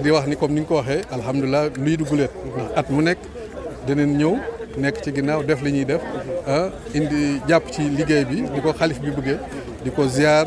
di wax ni comme ni nga ko waxee alhamdulilah luy di ndax at mu nekk deneen ñëw nekk ci ginnaaw def li ñuy def ah, indi jàpp ci liggéey bi di ko xalif bi bëggee di ko ziar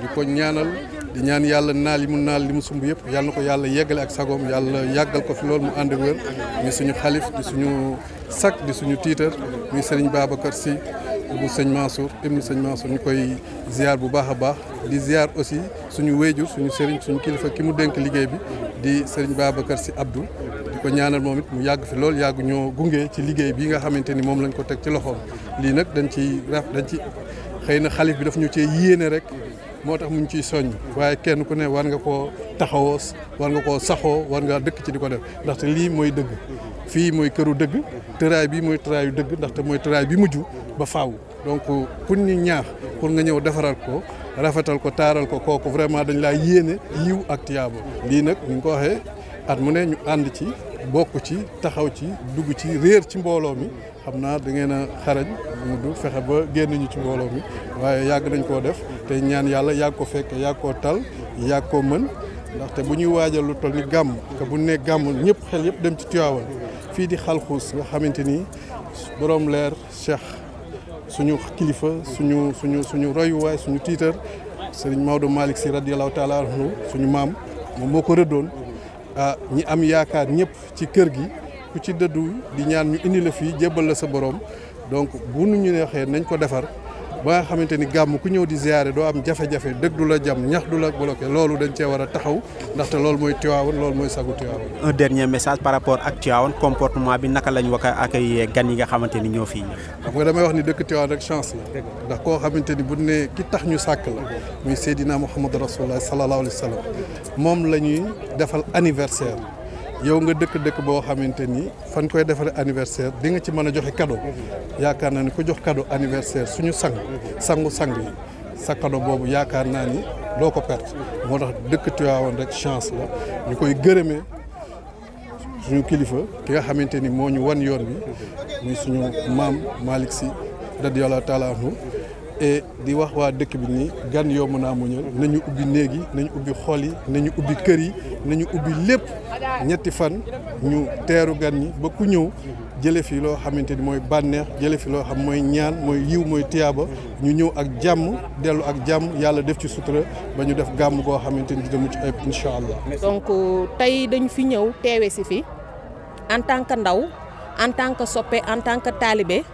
di ko ñaanal di ñaan yàlla naal yi mu naal li mu sumb yëpp yàlla ko yàlla yeggale ak sagoom yàlla yàggal ko fi loolu mu ànd wér muy suñu xalif di suñu sac di suñu tiitar muy sëriñ Babacar Sy bu sëñ Mansour ibnu sëñ Mansour ñu koy ziar bu baax a baax di ziar aussi suñu wéjur suñu sëriñ suñu kilifa ki mu denk liggéey bi di sëriñ Babacar Sy Abdou di ko ñaanal moom it mu yàgg fi lool yàgg ñoo gunge ci liggéey bi nga xamante ni moom lañ ko teg ci loxoom lii nag dañ ciy dañ ci xëy na xalif bi daf ñu cee yéene rek moo tax mu ngi ciy soññ waaye kenn ku ne war nga koo taxawoo war nga koo saxoo war nga dëkk ci di ko def ndaxte lii mooy dëgg fii mooy këru dëgg tëraay bi mooy tëraayu dëgg ndaxte mooy tëraay bi mujj ba faaw donc ku ñu ñaax pour nga ñëw defaral ko rafetal ko taaral ko kooku vraiment dañ laa yéene yiw ak tiyaabo lii nag ñu ngi ko waxee at mu ne ñu ànd ci bokk ci taxaw ci dugg ci réer ci mbooloo mi xamna da ngay na xarañ mu du fexe ba génn ñu ci mbolo mi waye yag nañ ko def té ñaan yalla ya ko fekk ya ko tal ya ko mën ndaxte bu ñuy wajal lu toll ni gàmm bu ne gam ñepp xel yépp dem ci tuyaawan fi di xalxuus nga xamanteni borom leer cheikh suñu kilifa suñu suñu suñu way suñu titer serigne maoudou malik si radiyallahu taala anhu suñu mam moom moko ko ah ñi am yaakaar ñepp ci kër gi ku ci dëddu di ñaan ñu indi la fii jébbal la sa boroom donc bu nu ñu ne waxee nañ ko defar ba nga xamante ni gàmm ku ñëw di ziyaare doo am jafe-jafe dëgg du la jam ñax du la bloqué loolu dañ cee war a taxaw ndaxte loolu mooy Tiwaawan lool mooy sagu Tiwaawan. un dernier message par rapport ak Tiwaawan comportement bi naka lañ wax ak ay gan yi nga xamante ni ñëw fii xam nga damay wax ni dëkk Tiwaawan rek chance la. ndax koo xamante ni bu ne ki tax ñu sàkk la. muy Seydina Mouhamadou Rasulullah sallallahu alayhi wa sallam moom la ñuy defal anniversaire. yow nga dëkk-dëkk boo xamante ni fan koy defaree anniversaire di nga ci mën a joxe cadeau yaakaar naa ni ku jox cadeau anniversaire suñu sang sangu sang yi sa cadeau boobu yaakaar naa ni doo ko perte moo tax dëkk Tivaouane rek chance la ñu koy gërëmee suñu kilifa ki nga xamante ni moo ñu wan yoon bi mu muy suñu maam Malick Sy radiyallahu taala anhu et di wax waa dëkk bi nii gan yomb naa muñal nañu ubbi néeg nañu ubbi xol yi nañu ubbi kër yi nañu ubbi lépp ñetti fan ñu teeru gan ñi ba ku ñëw jële fi loo xamante ni mooy bànneex jële fi loo xam mooy ñaan mooy yiw mooy tiyaaba ñu ñëw ak jàmm dellu ak jàmm yàlla def ci sutura ba ñu def gàmm goo xamante ni di dina mucc ayib incha allah. donc euh, tey dañu fi ñëw teewe si fi en tant que ndaw en tant que soppe en tant que taalibe.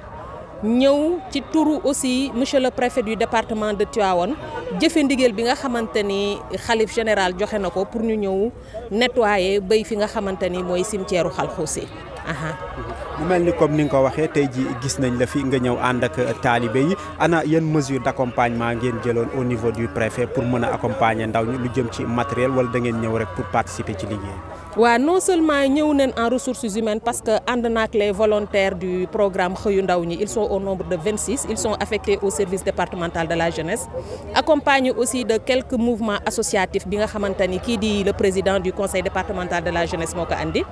ñew ci turu aussi monsieur le préfet du département de Tivaouane jëfe ndigal bi nga xamante ni général joxé nako pour ñu ñew nettoyer bay fi nga xamante ni mooy cimetière Xalxuusi mu mel ni comme ni nga ko waxee ji gis nañ la fi nga ñew and ak talibé yi ana yan mesure d'accompagnement accompagnement ngeen jëloon au niveau du préfet pour mën accompagner ndaw ñu lu jëm ci matériel wala da ngeen ñew rek pour participer ci liggéey non seulement nous sommes en ressources humaines parce que les volontaires du programme ils sont au nombre de 26 ils sont affectés au service départemental de la jeunesse accompagnés aussi de quelques mouvements associatifs qui nga le président du conseil départemental de la jeunesse Moka andi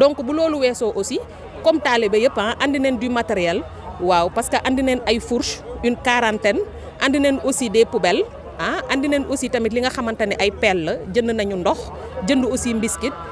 donc bu loolu aussi comme Talibé, yëpp il ah, andi a du matériel parce que andi des ay fourches une quarantaine andi a aussi des poubelles ah andi a aussi des li nga xamante a ay pelle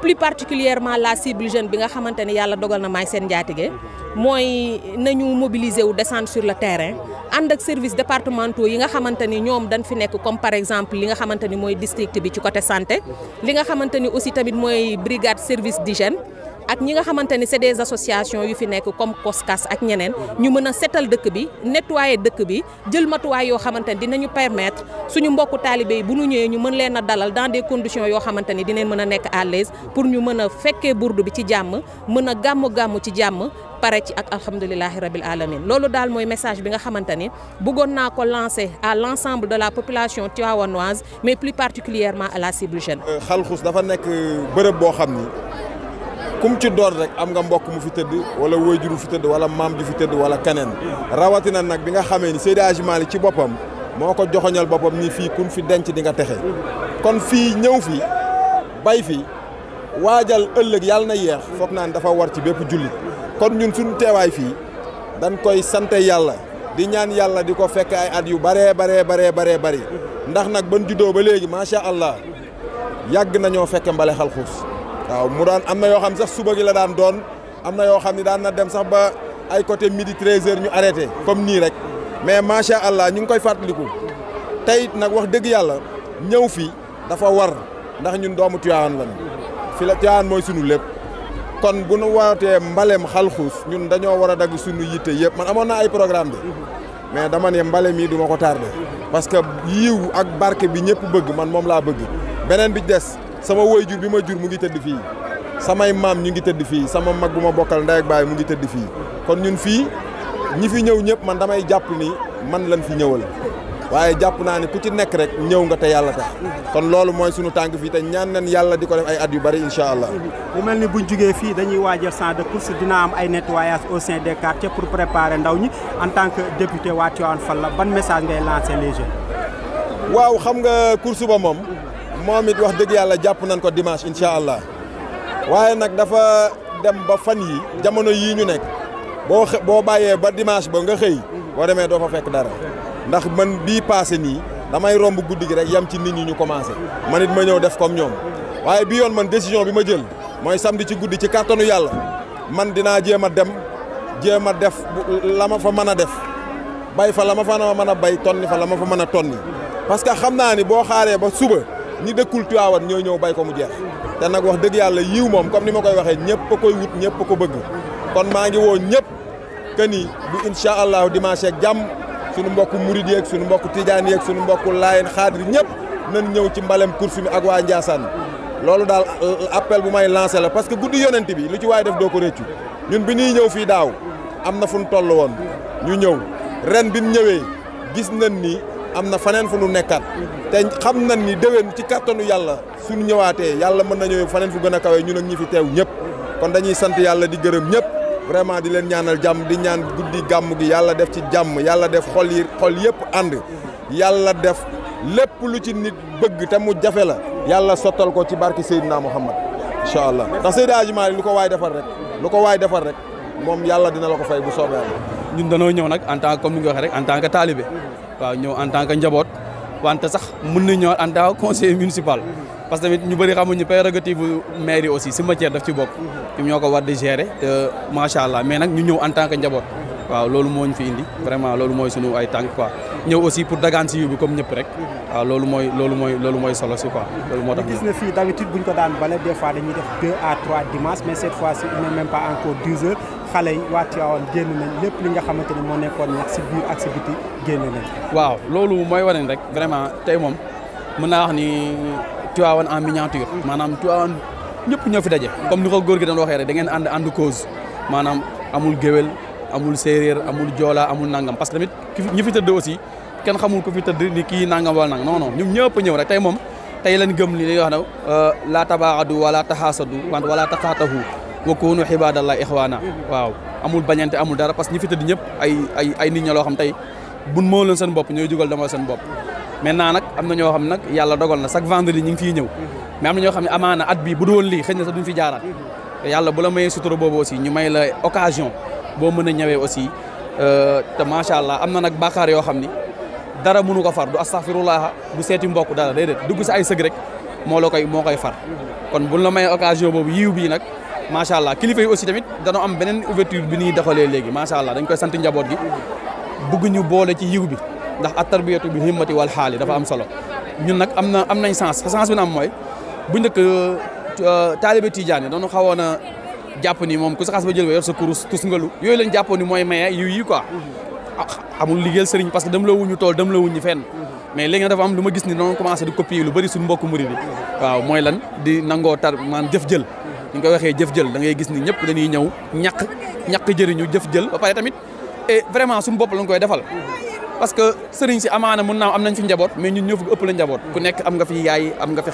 plus particulièrement la cible jeune bi nga xamante yalla dogal na maay seen njaatige moy nañu mobiliser wu descendre sur le terrain and ak service départementaux yi nga xamante ñom dañ fi nek comme par exemple li nga xamante moy district bi ci côté santé li nga xamante aussi tamit moy brigade service d'hygiène ak ñi nga xamante c'est des associations yu fi nekk comme COSCAS ak ñenen ñu mëna sétal dëkk bi nettoyer dëkk bi jël matuwaay yo xamante dinañu permettre suñu mbokk talibé bu ñu ñëw ñu mën leen dalal dans des conditions yo xamante ni dinañ mën a nekk à l'aise pour ñu mëna féké fekkee bi ci jamm mëna gamu gamu ci jamm pare ci ak alhamdoulillah rabil alamin lolu dal moy message bi nga xamante ni na ko lancer à l'ensemble de la population tiawanoise mais plus particulièrement à la cible jeune. xal euh, Xalxus dafa nekk bërepp bo xamni kum ci dor rek am nga mbokk mu fi teud wala wayjuru fi teud wala mam ji fi teud wala rawati rawatina nak bi nga xamé ni Seydi Hadji Malick ci bopam moko joxoñal bopam ni fi kun fi denc di nga texé kon fi ñew fi bay fi wajal ëlëk yalla na yeex fokk naan dafa war ci bëpp julli kon ñun suñu téway fi dañ koy santé yalla di ñaan yalla diko ko fekk ay at yu bare bare bare bare bare ndax nak ban juddo ba ma sha allah yag nañu fekk mbale xalxuus waaw mu doon am na xam sax suba gi la daan doon amna yo yoo xam ne daan na dem sax ba ay côté midi 13h ñu arrêté comme ni rek mais sha allah ñu ngi koy fatlikou tay nak wax deug yalla ñew fi dafa war ndax ñun doomu tiyan lañu fi la tiyan moy suñu lepp kon bu nu waté mbalem khalkhus ñun dañoo wara a suñu yité yépp man amona ay programme de mais dama né mbalem yi duma ko tardé parce que yiw ak barké bi ñepp bëgg man mom la bëgg benen bi dess sama waajur bi ma jur mu ngi tëdd fii samay maam ñu ngi tëdd fii sama mag bu ma bokkal ndey ak mu ngi tëdd fii kon ñun fii ñi fi ñëw ñëpp man damay jàpp ni man lañ fi ñëwal waaye jàpp naa ne ku ci nekk rek ñëw nga te yàlla tax kon loolu mooy sunu tànk fii te ñaan nañ yàlla di ko def ay at yu bari incha allah. mu mel ni buñ jugee fii dañuy waajal champ de dina am ay nettoyage au sein des quartiers pour préparer ndaw ñi en tant que député waa Tivaouane Fall la ban message ngay lancer les jeunes. waaw moom it wax dëgg yàlla jàpp nañ ko dimanche incha allah waaye nag dafa dem ba fan yi jamono yii ñu nekk boo xe boo bàyyee ba dimanche ba nga xëy boo demee doo fa fekk dara ndax man bii paase nii damay romb guddi gi rek yam ci nit ñi ñu commencé man it ma ñëw def comme ñoom waaye bi yoon man décision bi ma jël mooy sam di ci guddi ci kàttanu yàlla man dinaa jéem a dem jéem a def lama fa mën a def bay fa la ma fa mën a bay ni fa la ma fa mën a ton parce que xam xaaree ba suba ñi dëkkul Tiwaawan ñooy ñëw bay ko mu jeex te nag wax dëgg yàlla yiw moom comme ni ma koy waxee ñëpp a koy wut ñëpp a ko bëgg kon maa ngi woo ñëpp que ni bu incha allahu dimanche ak jàmm sunu mbokku murid yeeg sunu mbokku tijaan yeeg sunu mbokku laayeen xaadir ñëpp nañ ñëw ci mbalem course mi ak waa Ndiassane loolu daal euh, appel bu may lancé la parce que guddi yonent bi lu ci waaye def doo ko réccu ñun bi ñuy ñëw fii daaw am na fu toll woon ñu ñëw ren bi ñu ñëwee gis am na faneen fu nu nekkaat te xam nañ ni déwén ci kàttanu yàlla su suñu ñëwaatee yàlla mën nañoo faneen fu gën a kawee ñun ak ñi fi teew ñëpp kon dañuy sant yàlla di gërëm ñëpp vraiment di leen ñaanal jàmm di ñaan guddi gàmm gi yàlla def ci jàmm yàlla def xol yi xol yëpp ànd yàlla def lépp lu ci nit bëgg te mu jafe la yàlla sottal ko ci barki Seydina Muhammad incha allah ndax Seydi Hadji Malick lu ko waay defar rek lu ko waay defar rek moom yàlla dina la ko fay bu soobee yàlla ñun danoo ñëw nag en tant comme ni waxee en tant que talibé waaw ñëw en tant que njaboot wante sax mun na ñëw en tant que conseiller municipal. parce que tamit ñu bëri xamuñu prérogative maire ñoo ko war di gérer te allah mais nag ñu ñëw en tant njaboot. waaw loolu moo fi indi vraiment loolu mooy sunu ay tànk quoi ñëw aussi pour dagaan si yu comme ñëpp rek waaw loolu mooy loolu mooy solo si quoi loolu moo tax gis def deux trois dimanches mais cette fois ci il n'est même encore deux heures xalé yi wa awon genn nañ lepp li nga xamanteni mo nekkone wax ci biir ak ci biti genn nañ waaw lolu moy wone rek vraiment tay mom mëna wax ni awon en miniature manam mm. awon ñepp ñofi fi dajé comme niko gor gi dañ waxé rek da ngeen and and cause manam amul gewel amul serer amul jola amul nangam parce que tamit ñi fi teud aussi ken xamul ko fi teud ni ki nangam wal nang non non ñum ñepp ñew rek tay mom tay lañ gëm li wax na euh, la tabaadu wala tahasadu wala taqatahu wa kunu xibaadallah ixwaana mhm. waaw amul bañante amul dara parce que ñi fi tëdd ñëpp ay ay xam tey buñ moo leen seen bopp ñooy jugal dama seen bopp maintenant nag am na ñoo xam nag yàlla dogal na chaque vendredi ñu ngi fiy ñëw mhm. mais am na ñoo xam ne amaana at bi bu du woon lii xëy na sax duñ fi jaaraat mhm. te bu la mayee sutura boobu aussi ñu may la occasion boo mën a ñëwee aussi euh, te macha am na nag bàkkaar yoo xam ni dara mënu ko far du astaghfirullah du seeti mbokk dara déedéet dugg si ay sëg rek moo la koy moo koy far kon buñ la mayee occasion boobu yiw bii nag macha allah kilifa yi aussi tamit danoo am beneen ouverture bi ñuy doxalee léegi macha allah dañ koy sant njaboot gi bëgg ñu boole ci yiw bi ndax at tarbiyatu bi himmati wal xaali dafa am solo ñun nag am na am nañ sens sens bi na am mooy bu njëkk euh, taalibe tijaan yi dañu xawoon a jàpp ni moom ku sa xas ba jël ba yor sa kurus tusngalu yooyu lañ jàppoon ni mooy maye yiw yi quoi ah, amul liggéeyal sëriñ parce que dam la wuñu tool dem la wuñu fenn mais léegi nag dafa am lu ma gis ni noonu commencé di copier lu bëri suñu mbokku murid yi waaw mooy lan di nangoo tar maanaam jëf jël ni nga waxee jëf jël da ngay gis ni ñëpp dañuy ñëw ñak ñak jëriñu jëf jël ba paré tamit et eh, vraiment suñu bop lañ koy defal parce que sëriñ si amana mun naa am nañ fi njabot mais ñun ñoo fi ëpp la njabot ku nekk am nga fi yaay am nga fi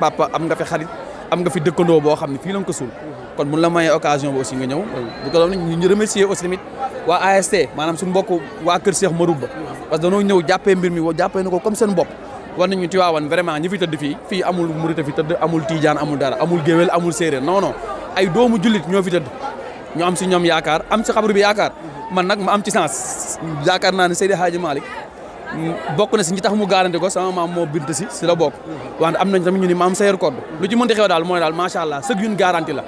papa am nga fi xarit am nga fi dëkkandoo bo xamni ne lañ ko sul kon mën la mayee occasion bo aussi nga ñëw bu ko doon ñu remercier aussi tamit wa AST manam suñu mbokk wa kër Cheikh Marouba parce que dañu ñëw jappé mbir mi jàppee na comme seen bop war nañu Tiwaawan vraiment ñi fi tëdd fii fii amul murit fi tëdd amul tiijaan amul dara amul géwél amul séeréer non non ay doomu jullit ñoo fi tëdd ñu am si ñoom yaakaar am si xabru bi yaakaar man nag ma am ci sens yaakaar naa ne Seydi Hadji Malick bokk na si ñi tax mu garanti ko sama maam moo bint si si la bokk wante am nañ tamit ñu ni maam sayer kodd lu ci xew daal mooy daal macha allah sëg yun garanti la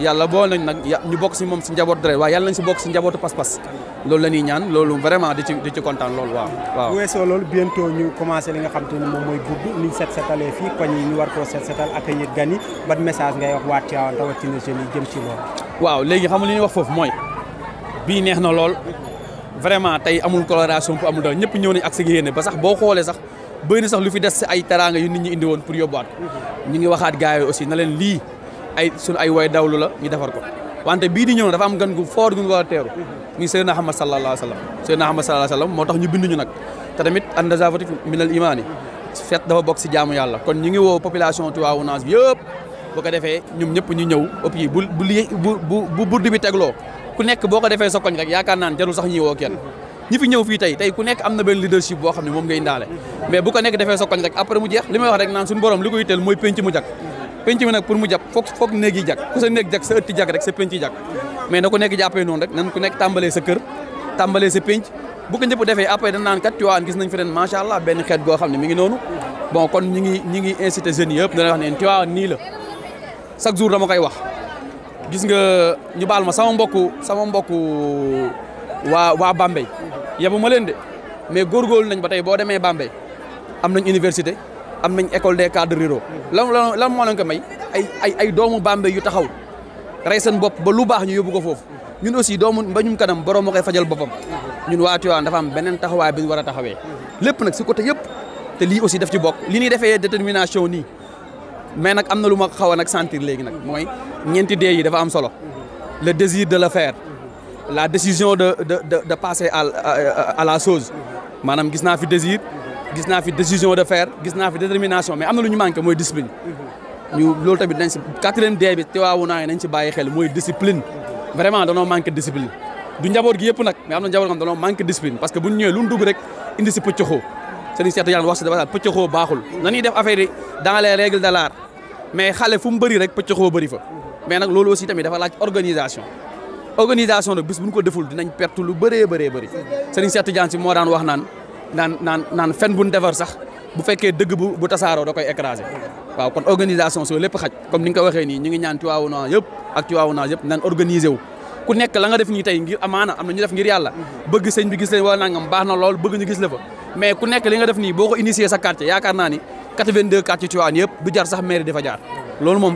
yàlla boo nañ nag ñu bokk si moom si njaboot deret waaye yàlla nañ bokk si njabootu pas-pas loolu la ñuy ñaan loolu vraiment di ci di loolu waaw. waaw bu weesoo loolu bientôt ñu commencé li nga xam te ni moom mooy gudd ni ñu setalee fii koñ yi ñu war koo set setal accueillir gan yi ban message ngay wax waa Tivaouane rawatina jeunes yi waaw léegi xam nga li ñuy wax foofu mooy bii neex na lool vraiment tey amul coloration pour amul dara ñëpp ñëw nañ ak sa yéene ba sax boo xoolee sax bëri na sax lu fi des si ay teraanga yu nit ñi indiwoon woon pour yóbbuwaat. Mhm. ñu ngi waxaat gars yi aussi na leen lii ay sunu ay woy dawlu la ñu defar ko. wante bii di ñëw dafa am gan gu foor gu ñu war a teeru muy Seydina Ahmad sallallahu alayhi wa sallam Seydina Ahmad sallallahu alayhi wa sallam moo tax ñu bindu ñu nag te tamit an nazafatu min al imaani dafa bokk si jaamu yàlla kon ñu ngi woo population Tivaouane bi yëpp boo ko defee ñoom ñëpp ñu ñëw ëpp bu bu bu bu burdu bi tegloo ku nekk boo ko defee sa koñ rek yaakaar naan jarul sax ñuy woo ñi fi ñëw fii tey tey ku nekk am na benn leadership boo xam ne moom ngay indaale mais bu ko nekk defee sa koñ rek après mu li may wax rek naan suñu borom li ko mooy penc mu penc mi nag pour mu jag foog foog néeg yi jag ku sa néeg jag sa ëtti jag rek sa penc yi jag mais na ku nekk jàppee noonu rek nan ku nekk tàmbalee sa kër tàmbalee sa penc bu ko ñëpp defee après dañ naan kat Tivaouane gis nañ fi ren macha allah benn xeet goo xam ne mi ngi noonu bon kon ñi ngi ñi ngi incité jeunes yëpp dana wax ne Tivaouane nii la chaque jour dama koy wax gis nga ñu baal ma sama mbokku sama mbokku waa waa Bambey yebu ma leen de mais góorgóorlu nañ ba tey boo demee Bambey am nañ université am nañ école des cadres ruraux la lan moo leen ko may ay ay doomu Bambey yu taxaw rey seen bopp ba lu baax ñu yóbbu ko foofu ñun aussi doomu mbañum kanam borom moo koy fajal boppam ñun waa Tivaouane dafa am beneen taxawaay bi ñu war a taxawee lépp nag si côté yëpp te lii aussi daf ci bokk li ñuy defee détermination nii mais nag am na lu ma xaw a nag santir léegi nag mooy ñeenti dee yi dafa am solo le désir de le faire la décision de de de de passer à à la chose maanaam gis naa fi désir gis naa fi décision de faire gis naa fi détermination mais am na lu ñu manqué mooy discipline. Mhm. ñu loolu tamit nañ si bàyyi xel mooy discipline. Mhm. vraiment danoo manqué discipline. du njaboot gi yëpp nag mais am na njaboot xam danoo manqué discipline parce que bu ñu ñëwee lu mu dugg rek indi si pëccoxoo. sëriñ Cheikh Tidiane wax si dafa daal pëccoxoo baaxul. na mhm. loolu aussi tamit dafa laaj organisation. organisation nag bis bu ñu ko deful dinañ perte lu bëree bëree bëri sëriñ Cheikh Tidiane si wax naan naan naan naan fen bu ñu sax bu fekkee dëgg bu bu tasaaroo da koy écrasé waaw kon organisation soo lépp xaj comme ni nga waxee ni ñu ngi ñaan Tivaouane yëpp ak Tivaouane naan organisé ku nekk la nga def nii tey ngir amaana am na ñu def ngir yàlla bëgg sëñ bi gis leen wala nangam baax na lool bëgg ñu gis la fa mais ku nekk li nga def nii boo ko initié sa quartier yaakaar naa ni 82 quartier Tivaouane yëpp du jar sax mairie dafa jaar loolu moom